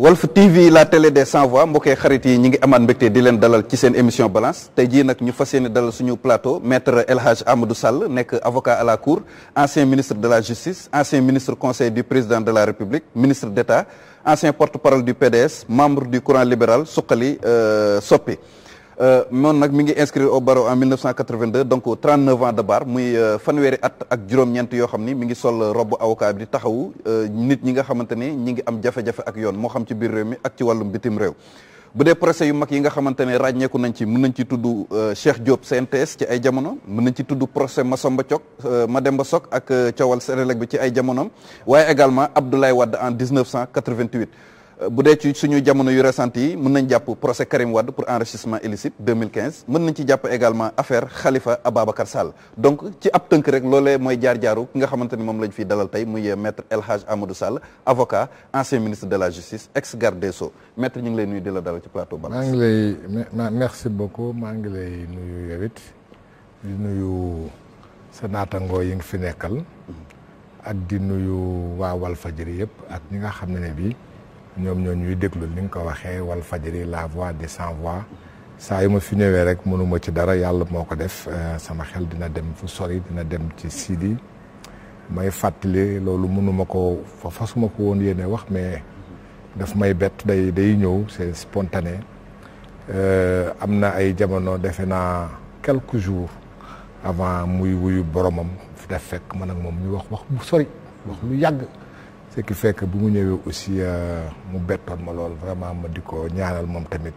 Walf TV la télé des sans voix mbokkee xarit yi ñi ngi amaat mbégte di leen dalal ci seen émission balance te jii nag ñu fas yéene dalal suñu plateau maître El Hadj Amadou Sall nekk avocat à la cour ancien ministre de la justice ancien ministre conseil du président de la république ministre d'État ancien porte-parole du PDS membre du courant libéral suqali euh, soppi Euh, moom nag mi ngi inscrire au barreau en 1982 donc 39 ans de bar muy euh, fanweeri at ak juróom-ñeent yoo xam ni mi ngi sol robu avocat bi di taxawu euh, nit ñi nga xamante ni ñi ngi am jafe-jafe ak yoon moo xam ci biir réew mi ak ci wàllum bitim réew. bu dee procès yu mag yi nga xamante ne ràññeeku nañ ci mën nañ ci tudd Cheikh Diop CNTS ci ay jamono mën nañ ci tudd procès ma Thiok Mademba Sok ak coowal Senelec bi ci ay jamonoom waaye également Abdoulaye Wade en 1988. bu dee ci suñu jamono yu récente yi mën nañ jàpp procès Karim Wade pour enrichissement illicite 2015 mën nañ ci jàpp également affaire Khalifa Ababacar Sall donc ci ab tënk rek loolee mooy jaar-jaaru ki nga xamante ni moom lañ fiy dalal tey muy euh, maître El Hadj Amadou Sall avocat ancien ministre de la justice ex garde des Sceaux ñu ngi lay nuyu di la dalal ci plateau Balance. maa ngi lay merci beaucoup maa ngi lay nuyu yow di nuyu sa naataangoo yi nga fi nekkal. Mm-hmm. ak di nuyu waa Walfadjri yëpp ak ñi nga xam ne ne bii. ñoom ñoo ñuy déglu ni nga ko waxee wal fajiri la voix des sans voix saa yu ma fi ñëwee rek mënuma ci dara yàlla moo ko def euh, sama xel dina dem fu sori dina dem ci Sidi may fàttali loolu mënuma ko fa fasuma ko woon yéene wax mais daf may bett day day ñëw c'est spontané euh, am na ay jamono defe naa quelques jours avant muy wuyu boromam daf fekk man ak moom ñu wax wax bu sori wax lu yàgg ce qui fekk bi mu ñëwee aussi euh, mu bettoon ma lool vraiment ma di ko ñaanal moom tamit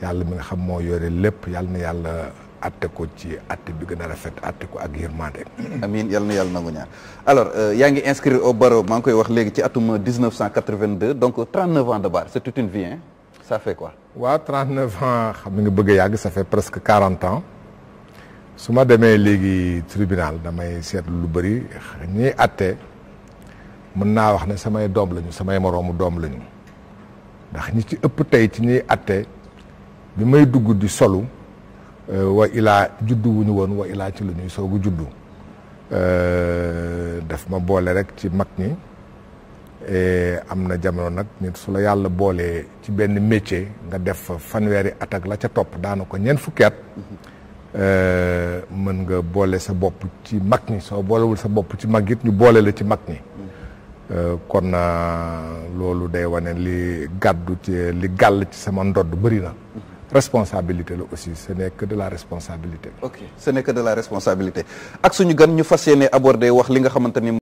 yàlla mi nga xam moo yore lépp yàlla na yàlla atte ko ci atte bi gën a rafet atte ko ak yërmande amiin yàlla na yàlla nangu ñaar alors euh, yaa ngi inscrire au barreau maa ngi koy wax léegi ci atum 1982 donc 39 ans de bar c'est toute une vie hein ça fait quoi waaw 39 ans xam nga bëgg a yàgg ça fait presque 40 ans su ma demee léegi tribunal damay seetlu lu bëri ñiy atte mën naa wax ne samay doom lañu samay moroomu doom lañu ndax ñi ci ëpp tey ci ñuy atte bi may dugg di solu euh, wa ilaa juddu wu ñu woon wa ilaa ci lu ñuy soogu juddu euh, daf ma boole rek ci mag ñi am na jamono nag nit su la yàlla boolee ci benn métier nga def fanweeri at la ca topp daana ko ñeent fukki at euh, mën nga boole sa bopp ci mag ñi soo boolewul sa bopp ci mag it ñu boole la ci mag ñi Euh, kon euh, loolu day wane li gàddu ci li gàll ci sama ndodd bëri na responsabilité la aussi ce n'est que de la responsabilité ok ce n'est de la responsabilité ak suñu gën ñu fas yéene aborder wax li nga xamante ni